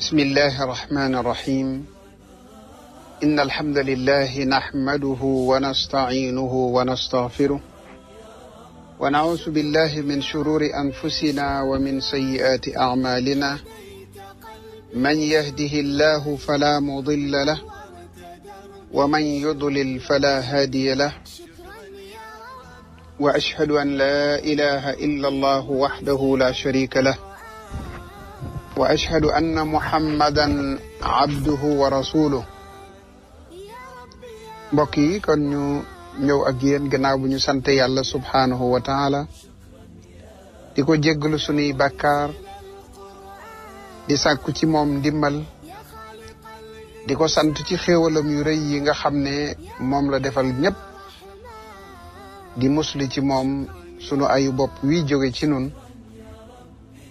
بسم الله الرحمن الرحيم إن الحمد لله نحمده ونستعينه ونستغفره ونعوذ بالله من شرور أنفسنا ومن سيئات أعمالنا من يهده الله فلا مضل له ومن يضلل فلا هادي له واشهد ان لا اله الا الله وحده لا شريك له واشهد ان محمدا عبده ورسوله بقي كن نيو اجين جناب بنيو سانت يالا سبحانه وتعالى ديكو جيغلو سوني بكار دي ساكو تي موم ديمال ديكو سانت تي خيوولم ييغا خامني موم لا ديفال نيب di musli ci moom sunu ayu bopp wi jóge ci nun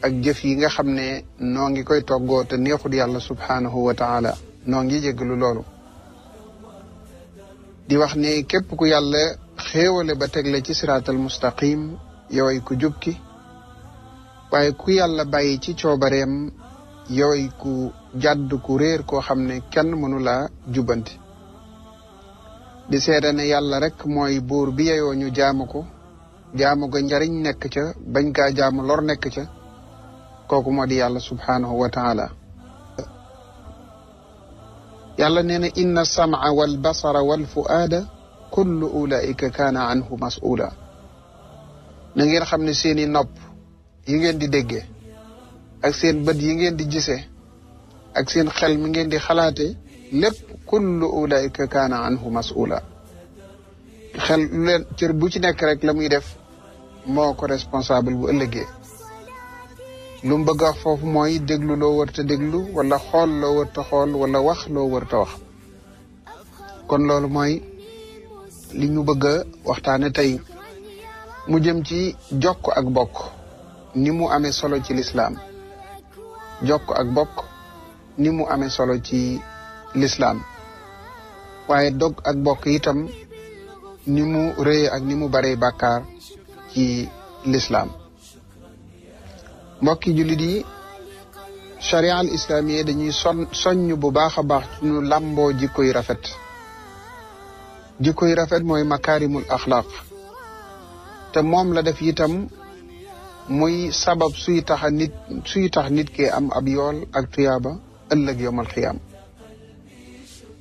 ak jëf yi nga xam ne noo ngi koy toggoo te neexul yàlla subhaanahu wa taala noo ngi jéggalu loolu di wax ne képp ku yàlla xéewale ba teg la ci siraatal mustaqim yoway ku jub ki waaye ku yàlla bàyyi ci coobareem yoway ku jàdd ku réer koo xam ne kenn mënu laa jubbanti di seede ne yàlla rek mooy buur bi yeyoo ñu jaamu ko jaamu ko njariñ nekk ca bañ kaa jaamu lor nekk ca kooku moo di yàlla subhaanahu wa taala yàlla nee na inna samaa wal basara wal fuaada kullu ulaika kaana anhu mas'uula na ngeen xam ne seeni nopp yi ngeen di déggee ak seen bët yi ngeen di gisee ak seen xel mi ngeen di xalaate lépp kullu ulaika kaana anhu masula xel lu leen cër bu ci nekk rek la muy def moo ko responsable bu ëllëgee lu mu bëgg a foofu mooy déglu loo war déglu wala xool loo war ta xool wala wax loo war ta wax kon loolu mooy li ñu bëgg a waxtaane tey mu jëm ci jokk ak bokk ni mu amee solo ci lislaam jokk ak bokk ni mu amee solo ci l'islam waaye dog ak bokk itam ni mu rëye ak ni mu bare bàkkaar ci l'islam mbokki jullit yi charia al islaamiya dañuy son soññ bu baax a baax ci ñu làmboo jikkoy rafet jikkoy rafet mooy makaarimul axlaaq te moom la def itam muy sabab suy tax nit suy tax nit ki am ab yool ak tuyaaba ëllëg yowmal xiyaam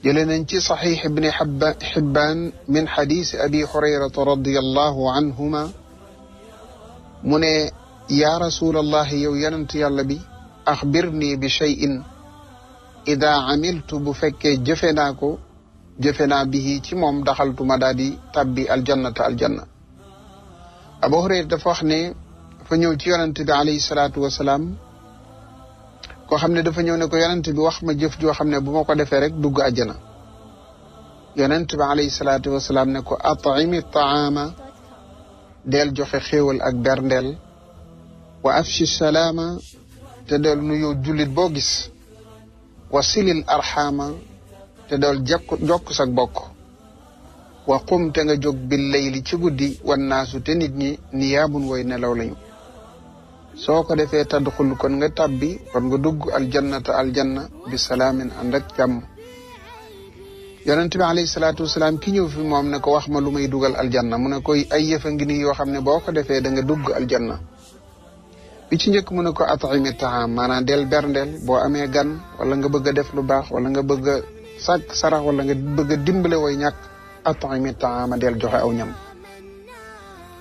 جلننتي صحيح ابن حبان من حديث أبي هريرة رضي الله عنهما من يا رسول الله يو ينتي بي أخبرني بشيء إذا عملت بفك جفناكو جفنا به تموم دخلت مدادي تبي الجنة الجنة أبو هريرة فخني فنيو تيرنتي عليه الصلاة والسلام koo xam ne dafa ñëw ne ko yonent bi wax ma jëf joo xam ne bu ma ko defee rek dugg àjjana yonent bi alayhi salaatu wasalaam ne ko at'imi taama del joxe xéewal ak berndeel wa afshi salaama te del nuyoo jullit boo gis wa silil arxaama te del jokk jokk bokk wa qum te nga jóg bil ci guddi wan naasu te nit ñi niyaabun woy nelaw lañu so ko defee tadxul kon nga tabbi kon nga dugg al aljanna bi salaamin andak salamin jàmm yonent bi alayhi salatu wassalam ki ñew fi mom ne ko wax ma lumay duggal dugal janna mu ne koy ay yefa ngini yo xamne boko defé da nga dugg janna bi ci ñek mu ne ko atimi taam mana del berndel bo amé gan wala nga bëgg def lu baax wala nga bëgg sak sarax wala nga bëgg a way ñak atimi ta'am del joxe aw ñam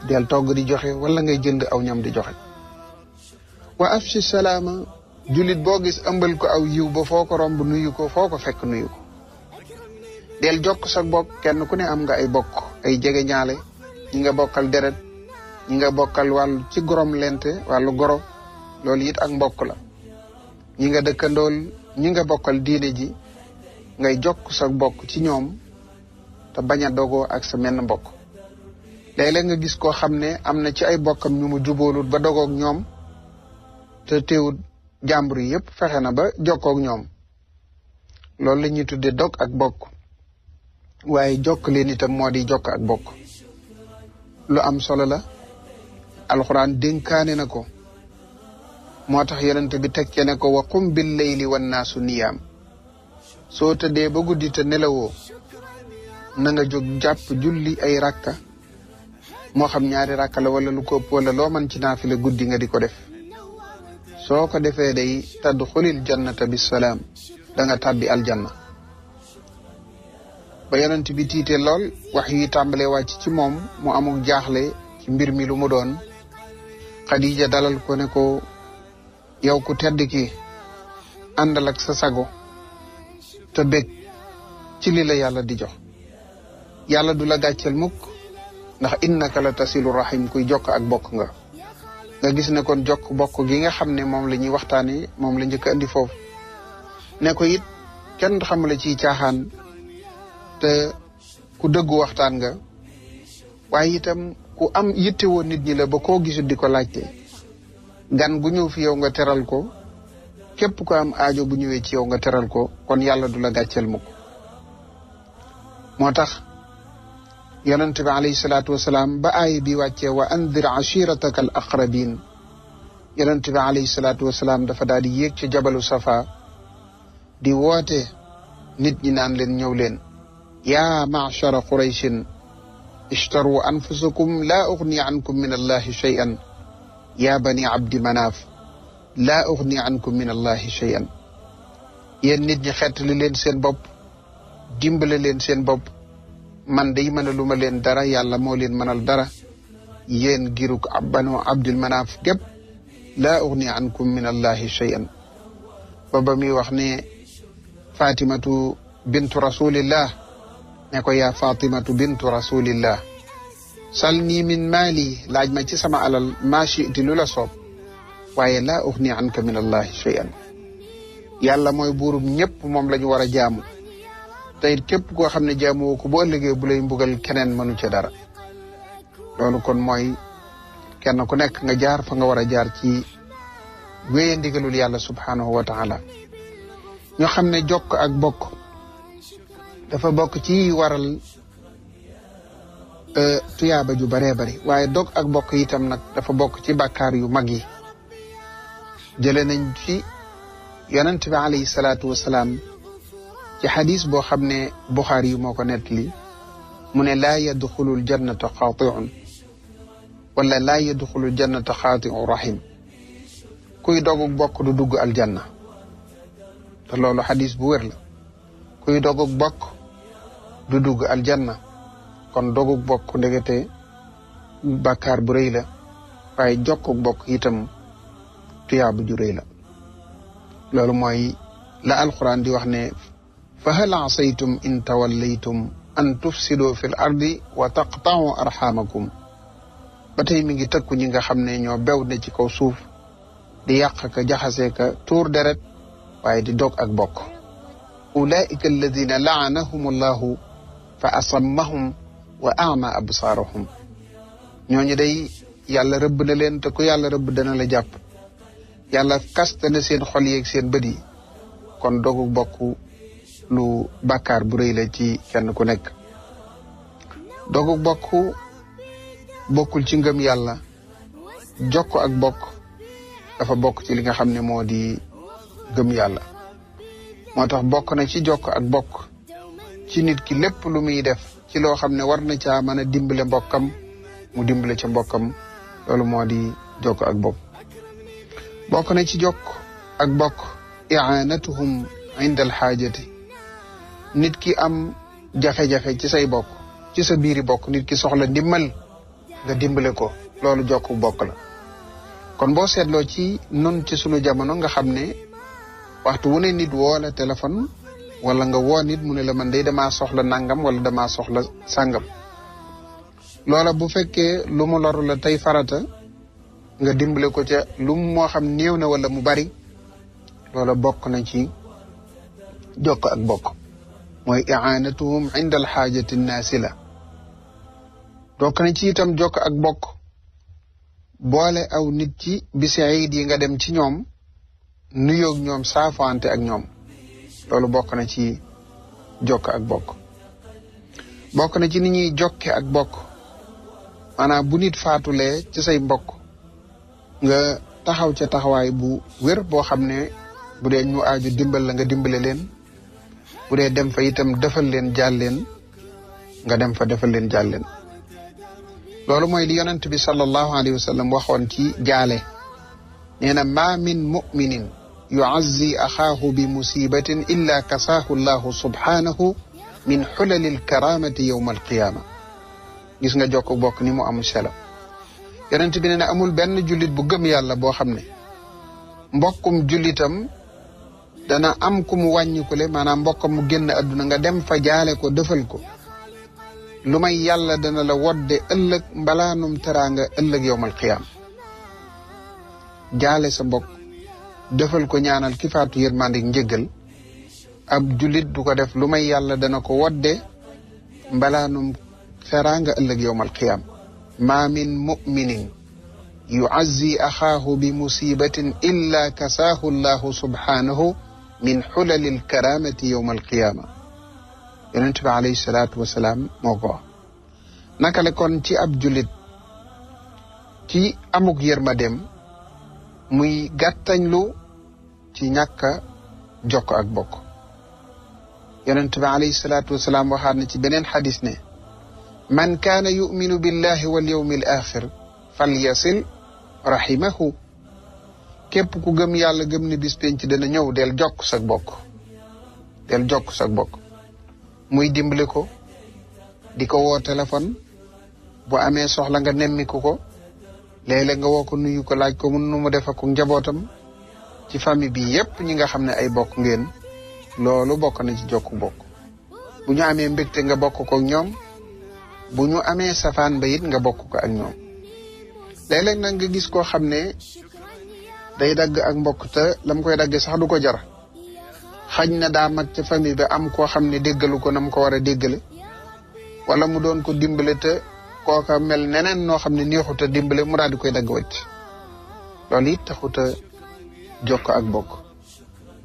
del togg di joxe wala ngay jënd aw ñam di joxe wa afshi salaama julit boo gis ëmbal ko aw yiw ba foo ko romb nuyu ko foo ko fekk nuyu ko del jokk sa bokk kenn ku ne am nga ay bokk ay jege ñaale ñi nga bokkal deret ñi nga bokkal wàllu ci gorom lente wàllu goro loolu it ak mbokk la ñi nga dëkkandool ñi nga bokkal diine ji ngay jokk sa bokk ci ñoom te bañ a dogoo ak sa mbokk léeg-léeg nga gis koo xam ne am na ci ay bokkam ñu mu jubóolut ba dogoog ñoom te teewut jàmbur yépp fexe na ba jokkook ñoom loolu la ñuy tudde dog ak bokk waaye jokk leen itam moo di jokk ak bokk lu am solo la alxuraan dénkaane na ko moo tax yonent bi teg ce ne ko wa qum bil layli wan naasu niyaam soo tëddee ba guddi te nelawoo na nga jóg jàpp julli ay rakka moo xam ñaari rakka la wala lu ko wala loo mën ci naafila guddi nga di ko def soko defé day tadkhulil jannata salam da nga al janna ba yonent bi tité lol wax yi tambalé wacc ci mom mu amuk jaxlé ci mbir mi lu mu don Khadija dalal ko ne ko yow ku tedd ki andal ak sa sago te bek ci lila yalla di jox yalla du la ndax innaka la tasilu rahim kuy jokk ak bok nga nga gis ne kon jokk bokk gi nga xam ne moom la ñuy waxtaanee moom la njëkk a indi foofu ne ko it kenn xamale ci caaxaan te ku dëggu waxtaan nga waaye itam ku am yitte woon nit ñi la ba koo gisul di ko laajte gan gu ñëw fi yow nga teral ko képp ku am aajo bu ñëwee ci yow nga teral ko kon yàlla du la gàcceel mukk moo tax يننت عليه الصلاة والسلام بآي بيواتي وأنذر عشيرتك الأقربين يننت عليه الصلاة والسلام دفا دادي يك جبل صفا دي واتي نت لن لين يا معشر قريش اشتروا أنفسكم لا أغني عنكم من الله شيئا يا بني عبد مناف لا أغني عنكم من الله شيئا يا نت نخاتل لين سين بوب ديمبل لين سين بوب man day mënaluma leen dara yàlla moo leen mënal dara yéen giruk banu abdul manaaf gépp laa ugni ankum min allahi shay'an ba ba muy wax ne fatimatu bintu rasulillah ne ko yaa fatimatu bintu rasulillah salni min maali laaj ma ci sama alal maa chiti lu la soob waaye laa ugni anka min allahi shay'an yàlla mooy buurum ñëpp moom la ñu war a jaamu te it képp koo xam ne jaamoo ko bu ëllëgee bu lay mbugal keneen mënu ca dara loolu kon mooy kenn ku nekk nga jaar fa nga war a jaar ci wéye ndigalul yàlla subhaanahu wa taala ñoo xam ne jokk ak bokk dafa bokk ci waral e, tuyaaba ju baree bari waaye dog ak bokk yitam nag dafa bokk ci bàkkaar yu mag yi jële nañ ci yonent bi alayhi salaatu wasalaam ci xadis boo xam ne Buxaari yu moo ko nettali mu ne laa yadxulul jannata xaatiun wala laa yadxulul jannata xaatiun rahim kuy dogu bokk du dugg aljanna te loolu xadis bu wér la kuy dogu bokk du dugg aljanna kon dogu bokk ndegete bàkkaar bu rëy la waaye jokk bokk itam tuyaaba ju rëy la loolu mooy di wax ne فهل عصيتم إن توليتم an tufsidu fil ardi wa taqta'u arhamakum ba tey mi ngi tëkku ñi nga xam ne ñoo bew ne ci kaw suuf di yàq ka jaxase ka tuur deret waaye di dog ak bokk ulaika alladina laanahum allahu fa asammahum wa ama absaarahum ñooñu day yàlla rëbb na leen te ku yàlla rëbb dana la jàpp yàlla kaste na seen xol yeeg seen bët yi kon dogu bokk lu bàkkaar bu rëy la ci kenn ku nekk dogu bokk bokkul ci ngëm yàlla jokko ak bokk dafa bokk ci li nga xam ne moo di gëm yàlla moo tax bokk na ci jokk ak bokk ci nit ki lépp lu muy def ci loo xam ne war na caa mën a dimbale mbokkam mu dimbale ca mbokkam loolu moo di jokk ak bokk bokk na ci jokk ak bokk i'anatuhum inda alxaajati nit ki am jafe-jafe ci say bokk ci sa biiri bokk nit ki soxla ndimbal nga dimbale ko loolu jokk bokk la kon boo seetloo ci nun ci sunu jamono nga xam ne waxtu wu ne nit woo la téléphone wala nga woo nit mu ne la man day damaa soxla nangam wala damaa soxla sàngam loola bu fekkee lumu mu loru la tey farata nga dimbale ko ca lu moo xam néew na wala mu bari loola bokk na ci jokk ak bokk mooy iaanatuhum inda alxaajati naasila dokk na ci itam jokk ak bokk boole aw nit ci bisi iid yi nga dem ci ñoom nuyoog ñoom saafante ak ñoom loolu bokk na ci jokk ak bokk bokk na ci ni ñuy jokke ak bokk maanaam bu nit faatulee ci say mbokk nga taxaw ca taxawaay bu wér boo xam ne bu dee ñu aaju dimbal la nga dimbale leen bu dee dem fa itam defal leen jàll leen nga dem fa defal leen jàll leen loolu mooy li yonent bi sallallahu alayhi wa sallam ci jaale nee na min muminin yuazzi axaahu bi musibatin illa kasaahu llahu subhaanahu min xulalil karamati yowma alqiyaama gis nga jokk bokk ni mu am sela yonent bi nee na amul benn julit bu gëm yàlla boo xam ne mbokkum jullitam dana am ku mu le manam mbokam mu génn aduna nga dem fa jale ko defal ko lumay yàlla dana la wodde ëllëg mbalanum teranga ëllëg yowmal qiyam jale sa mbokk defal ko ñaanal kifatu yermandik njegal ab julit du ko def lumay yàlla dana ko wodde mbalanum teranga ëllëg yowmal qiyam ma min muminin يعزي أخاه بمصيبة إلا كساه الله سبحانه من حلل الكرامة يوم القيامة يننتبه عليه الصلاة والسلام موقع نكالي كون تي أب جلد تي أموك يرما ديم مي غطان لو تي نكا جوكو أكبوك يننتبه عليه الصلاة والسلام وحارنا تي بنين حديثنا من كان يؤمن بالله واليوم الآخر فليصل رحمه képp ku gëm yàlla gëm ni bis penc dana ñëw del jokk sa bokk del jokk bokk muy dimbali ko di ko woo téléphone bu amee soxla nga nemmiku ko léeg-léeg nga woo ko nuyu ko laaj ko mun nu mu def njabootam ci famille bi yépp ñi nga xam ne ay bokk ngeen loolu bokk na ci jokk bokk bu ñu amee mbégte nga bokk ñoom bu ñu amee safaan ba nga bokk ko ak ñoom léeg-léeg nag gis koo xam ne day dagg ak mbokk ta lam koy daggee sax du ko jar xañ na daa mag ca famille ba am koo xam ne déggalu ko nam ko war a déggale wala mu doon ko dimbale te kooka mel neneen noo xam ne neexut a dimbale mu daal di koy dagg wàcc loolu it taxut a jokk ak bokk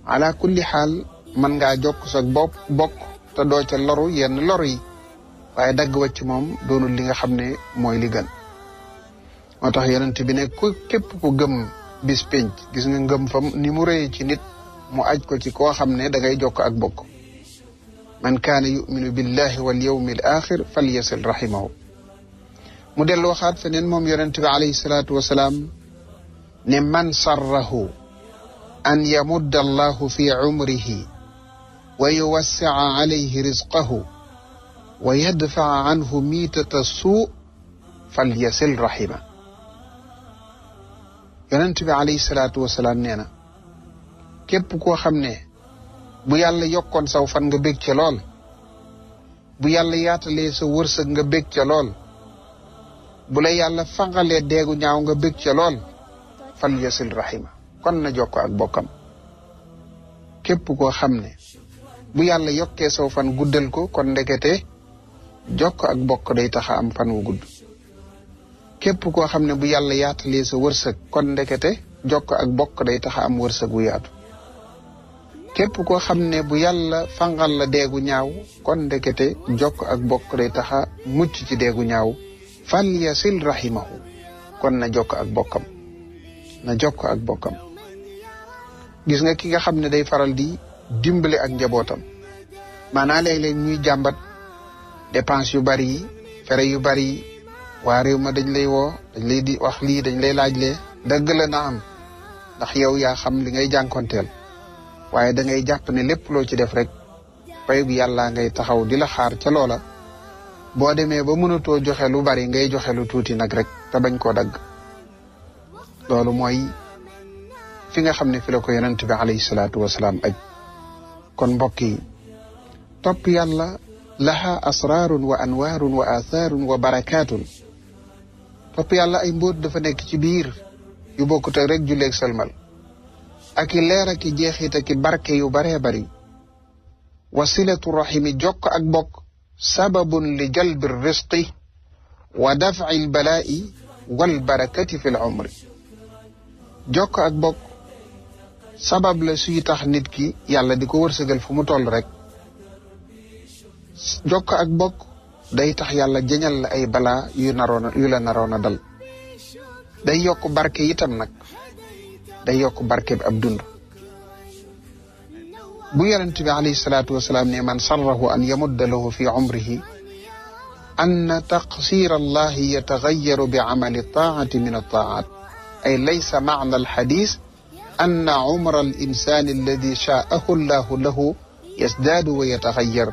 ala kulli xaal mën ngaa jokk sa bopp bokk te doo yen loru yi waaye dagg wàcc moom doonul li nga xam ne mooy li gën tax yonent bi ne ku képp ku gëm bis penc gis nga ngëm fam ni mu rëy ci nit mu aj ko ci koo xam ne da ngay jokk ak bokk man kaana yuminu billahi wal yawmi al axir falyasil rahimahu mu dellu waxaat feneen moom yonente bi alayhi salaatu wasalaam ne man sarrahu an yamudda allahu fi cumrihi wa yuwassia alayhi risqahu wa yadfaa anhu miitata suu falyasil rahima yonent bi alayhi salaatu wasalaam nee na képp koo xam ne bu yàlla yokkoon saw fan nga bég ca lool bu yàlla yaatalee sa wërsëg nga bég ca lool bu la yàlla fangalee deegu ñaaw nga bég ca lool fal yasil rahima kon na jokko ak bokkam képp koo xam ne bu yàlla yokkee saw fan guddal ko kon ndekete jokko ak bokk day taxa am fan wu gudd képp koo xam ne bu yàlla yaatalee sa wërsëg kon ndekete jokk ak bokk day tax am wërsëg bu yaatu képp koo xam ne bu yàlla fangal la deegu ñaaw kon ndekete jokk ak bokk day tax a mucc ci deegu ñaaw fal yasil rahimahu kon na jokk ak bokkam na jokk ak bokkam gis nga ki nga xam ne day faral di dimbali ak njabootam maanaa léeg-léeg ñuy jàmbat dépense yu bari yi fere yu bari yi wa rew ma dañ lay wo dañ lay di wax li dañ lay laaj le deug la na am ndax yow ya xam li ngay jankontel waye da ngay japp ne lepp lo ci def rek payub yalla ngay taxaw di xaar ci lola bo deme ba to joxe lu bari ngay joxe lu tuti nak rek ta bañ ko dag lolu moy fi nga xamne fi la ko bi alayhi salatu wassalam aj kon mbokk yi laha asrarun wa anwarun wa atharun wa barakatun topp yàlla ay mbóot dafa nekk ci biir yu bokkut ak rek julleeg salmal ak i leer ak jeexit ak barke yu baree bari wasilatu rahimi jokk ak bokk sababun li jalbi risqi wa dafci lbalaa'i wal barakati fi l umri ak bok sabab la suy tax nit ki yàlla di ko wërsëgal fu mu toll rek jokk ak bokk day tax yàlla jëñal la ay bala yu naroon yu la naroon a dal day yokk barke itam nag day yokk barke bi ab dund bu yonent bi alayhi salaatu wasalaam ne man sarrahu an yamudda lahu fi umrihi أن تقصير الله يتغير بعمل الطاعة من الطاعات أي ليس معنى الحديث أن عمر الإنسان الذي شاءه الله له يزداد ويتغير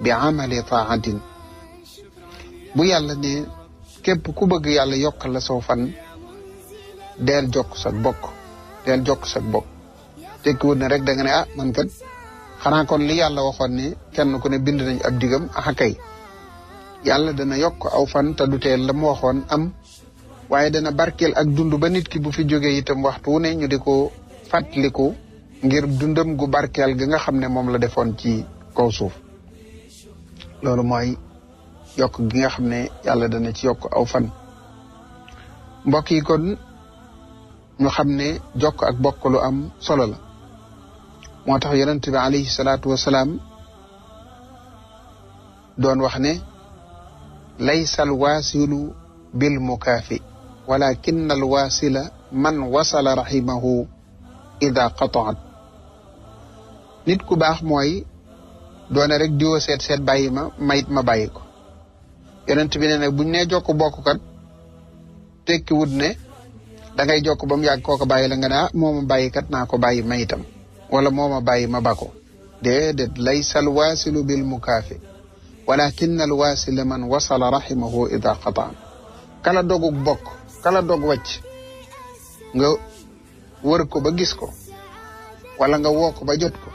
بعمل طاعة bu yàlla ne képp ku bëgg yàlla yokkal la soo fan deel jokk sa bokk deel jokk sa bokk tekkiwut ne rek da nga ne ah man kat xanaa kon li yàlla waxoon ne kenn ku ne bind nañ ab digam ah yàlla dana yokk aw fan te du la mu am waaye dana barkeel ak dund ba nit ki bu fi hitam itam waxtu ne ñu di ko fàttaliku ngir dundam gu barkeel gi nga xam ne moom la defoon ci kaw suuf loolu yokk gi nga xam ne yàlla dana ci yokk awfan fan mbokk yi kon ñu xam ne jokk ak bokk lu am solo la moo tax yonent bi alayhi salaatu wasalaam doon wax ne laysa alwaasilu bil mukaafi walakin alwaasila man wasala rahimahu ida qataat nit ku baax mooy doone rek diwo seet seet bàyyi ma mayit ma bàyyi ko yonent bi ne nag buñ nee jokk bokk kat tekki wut ne da ngay jokk ba mu yàgg ko bàyyi la nga ne ah moo ma bàyyi kat naa ko bàyyi ma itam wala moo ma bàyyi ma bako déedéet laysa alwaasilu bil mukaafi walakin alwaasila man wasala rahimahu ida qataan kala dogu bokk kala dog wacc nga wër ko ba gis ko wala nga woo ko ba jot ko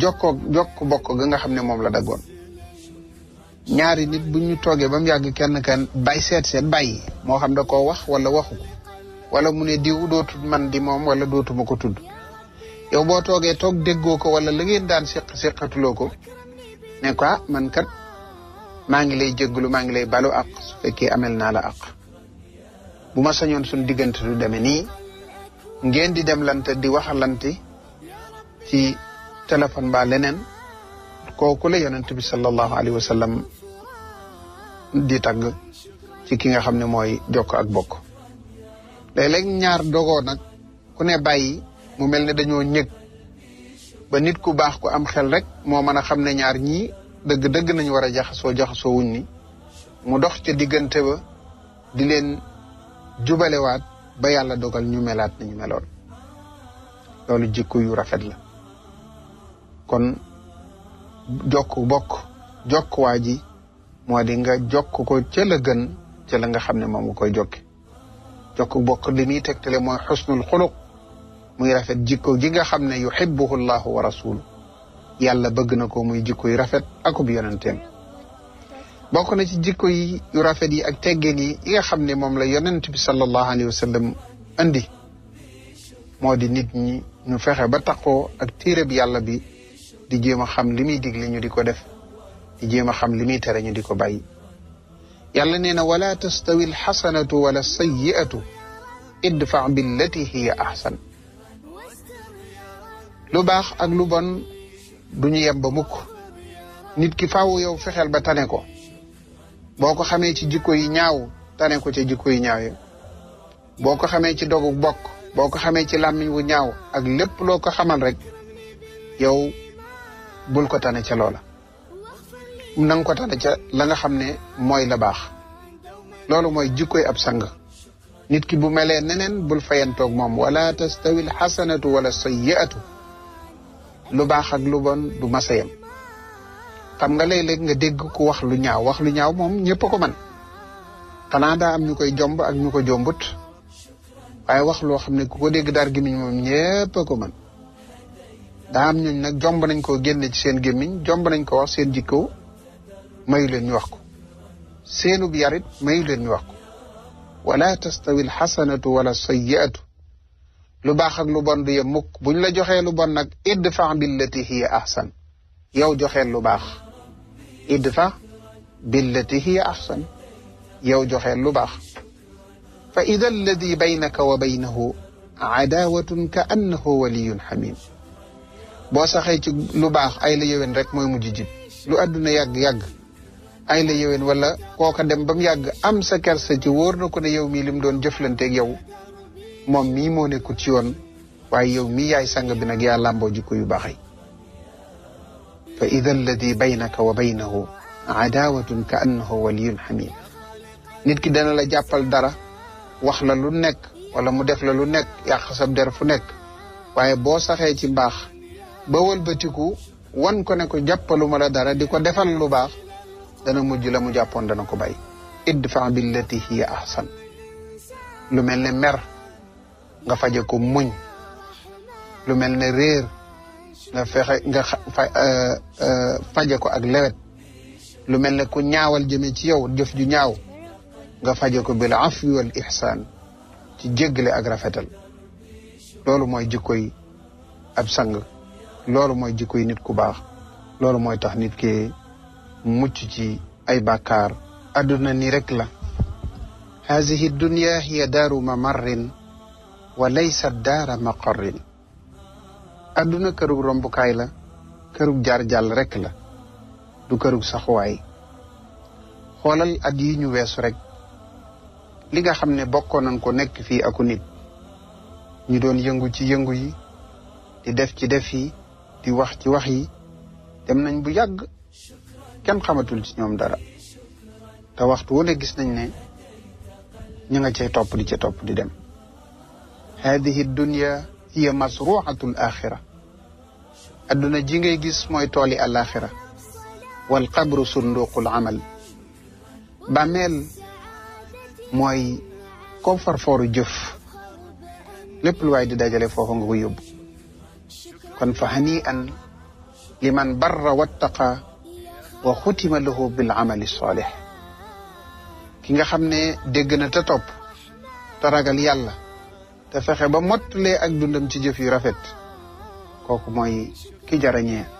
jokko jokk bokk ga nga xam ne moom la dagoon ñaari nit bu ñu toogee ba yàgg kenn kan bay seet seet bàyyi moo xam da koo wax wala waxu wala mu ne diw dootu man di moom wala dootuma ko tudd yow boo toogee toog déggoo ko wala la ngeen daan seq seqatuloo ko ne ko ah, man kat maa ngi lay jégglu maa ngi lay balu ak su fekkee amel naa la ak bu ma sañoon sun diggante du demee nii ngeen di dem lante di waxalante ci téléphone ba leneen koku la yonent bi sallallahu alaihi wasallam di tag ci ki nga xamne moy jokk ak bokk léeg-léeg ñaar dogo nak ku ne bayyi mu melni dañu dañoo ba nit ku bax ku am xel rek mo mën xamne ñaar wuñ ni mu dox ci ba di ba yalla dogal ñu melat ñu melor lolu jikko yu rafet la kon jokk bokk jokk waa ji moo di nga jokk ko ca gën ca la nga xam ne moom nga koy jokki jokk bokk li muy tegtale mooy xusnul xuluq muy rafet jikko ji nga xam ne yuhibbuhu llahu wa rasuluhu yàlla bëgg na ko muy jikko yu rafet akub yonenteem bokk na ci jikko yi yu rafet yi ak teggin yi yi nga xam ne moom la yonent bi sallallahu alayhi wa sallam andi moo di nit ñi ñu fexe ba taqoo ak téereb yàlla bi di jéem a xam li muy digle ñu di ko def di jéem a xam li muy ñu di ko bàyyi yàlla nee na wala tastawi alxasanatu wala sayiatu idfa billati hiya ahsan lu baax ak lu bon duñu yem ba mukk nit ki faw yow fexeel ba tane ko boo ko xamee ci jikko yi ñaaw tane ko ca jikko yi ñaaw yi boo ko xamee ci dogu bokk boo ko xamee ci làmmiñ wu ñaaw ak lépp loo ko xamal rek yow bul ko tane ca loola na nga ko tane ca la xam ne mooy la baax loolu mooy jikkoy ab sang nit ki bu melee neneen bul fayantoog moom wala tastawi alxasanatu wala sayyi'atu lu baax ak lu bon du xam nga léeg-léeg nga dégg ko wax ñaaw wax lu ñaaw moom ñëpp ko man xanaa daa am ñu koy jomb ak ñu ko jombut waaye wax loo xam ne ku ko dégg dar gi miñ moom ko man daa am ñooñ nag jomb nañ koo génne ci seen gémmiñ jomb nañ ko wax seen jikko mayu leen ñu wax ko seenub yarit mayu leen ñu wax ko wala tastawi alxasanatu wala sayyiatu lu baax ak lu bon du yem mukk buñ la joxee lu bon nag idfa billati hiya ahsan yow joxeel lu baax idfa billati hiya ahsan yow joxeel lu baax fa ida alladi baynaka wa baynahu عداوة كأنه ولي حميم boo saxee ci lu baax ay la yéwén rek mooy mujj jib lu àdduna yàgg-yàgg ay la yéwén wala kooka dem ba mu yàgg am sa kersa ci wóor na ko ne yow mii lim doon jëflanteeg yow moom mi moo nekkut ci yoon waaye yow mii yaay sang bi nag yaa làmboo jikko yu baax yi fa ida alladi baynaka wa a adawatun ka annahu waliyun xamim nit ki dana la jàppal dara wax la lu nekk wala mu def la lu nekk yàq sa der fu nekk waaye boo saxee ci mbaax ba wëlbatiku wan ko ne ko jàppaluma la dara di ko defal lu baax dana mujj la mu jàppoon dana ko bay idfa billati hiya ahsan lu mel ne mer nga faje ko muñ lu mel ne réer nga fexe nga euh, euh, faje ko ak lewet lu mel ne ku ñaawal jëme ci yow jëf ju ñaaw nga faje ko bil afwi ihsan ci jéggale ak rafetal loolu mooy jikkoy ab sang loolu mooy jikkoy nit ku baax loolu mooy tax nit ki mucc ci ay bàkkaar àdduna ni rek la haadihi dunya hiya daaru mamarrin wa laysa daara maqarrin adduna kërug rombukaay la kërug jaar jàll rek la du kërug saxuwaay xoolal ak yi ñu weesu rek li nga xam ne bokkoon nañ ko nekk fii aku nit ñu doon yëngu ci yëngu yi di def ci def yi di wax ci wax yi dem nañ bu yàgg kenn xamatul ci ñoom dara te waxtu wu ne gis nañ ne ñi nga cay topp di ca topp di dem hadihi dunya hiya masruatul axira adduna ji ngay gis mooy tooli alaxira wal qabru sunduqul amal bàmmeel mooy ko farfooru jëf lépp lu waay di dajale foofa nga ko yóbbu kon fa hani an liman barra wattaqa wa xutima lahu bil amali salih ki nga xam ne dégg na te topp te ragal yàlla te fexe ba mottalee ak dundam ci jëf yu rafet kooku mooy ki jarañee